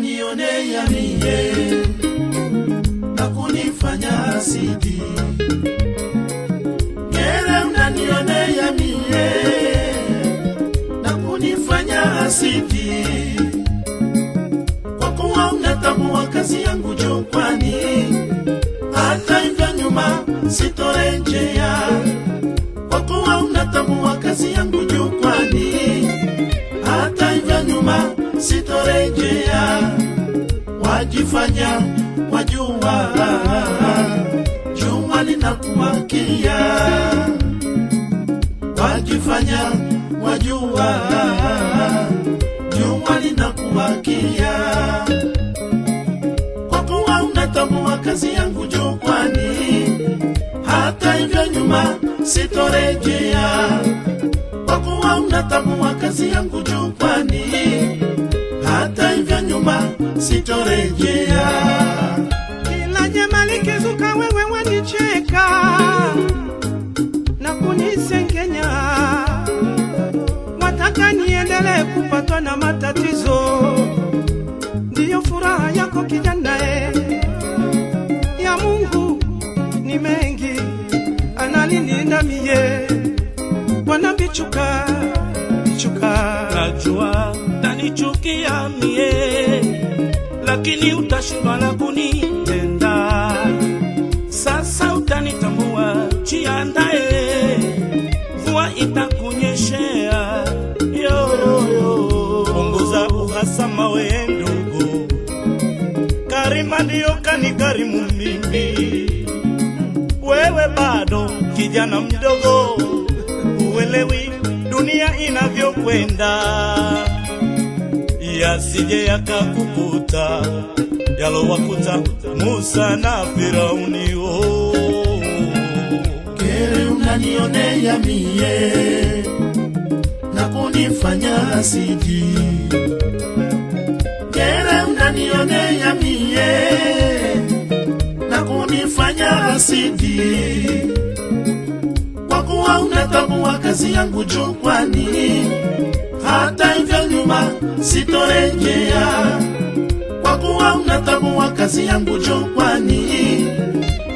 Anionee ya mie na kunifanya hasidi. Ngere unanionee mie na kunifanya asidi kwa kuwa unatambua kazi yangu jangwani, hata enda nyuma sitorenjea, kwa kuwa unatambua kazi yangu jangwani sitorejea, wajifanya wajua, juma linakuwakia, wajifanya wajua, juma linakuwakia, kwa kuwa unatambua kazi yangu jukwani, hata hivyo nyuma sitorejea, kwa kuwa unatambua kazi yangu jukwani nyuma sitorejea. Kila jema likizuka, wewe wanicheka na kunisengenya, wataka niendelee kupatwa na matatizo. Ndiyo furaha yako kijana, e ya Mungu ni mengi, ananininamie wanabichuka lakini utashindwa na kunipenda. Sasa utanitambua, jiandae, mvua itakunyeshea. Yoyoyo, punguza uhasama we ndugu, Karima ndiyo kanikarimu mimi, wewe bado kijana mdogo, uelewi dunia inavyokwenda yasije yakakukuta yalowakuta Musa na Firauni. Oh, kile unanionea mie na kunifanya asiji, kile unanionea mie na kunifanya siji kwa kuwa unatambua kazi yangu jukwani hata hivyo nyuma sitorejea, kwa kuwa unatambua kazi yangu kwani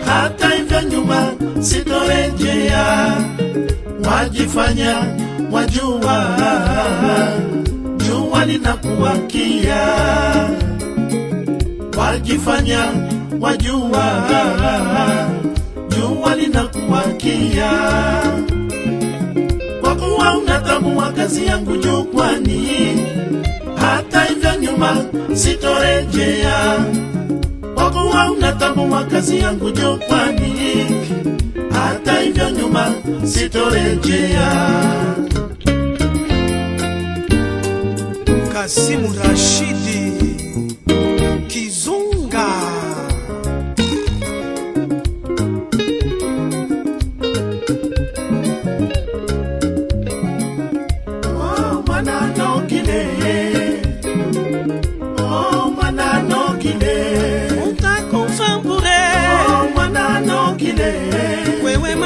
Hata hivyo nyuma sitorejea, wajifanya wajua, jua linakuwakia, wajifanya wajua, jua linakuwakia kwa kuwa unatambua kazi yangu jukwani, hata hivyo nyuma sitorejea. Kwa kuwa unatambua kazi yangu jukwani, hata hivyo nyuma sitorejea. Kasimu Rashidi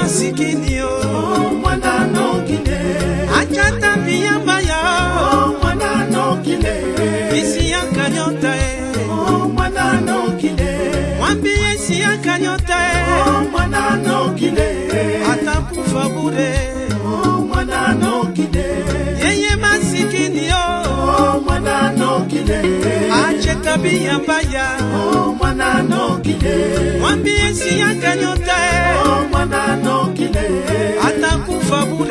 masikilio oh, mwana nokile acha oh, eh. oh, mwambie isi yakanyota eh. oh, oh, oh, favor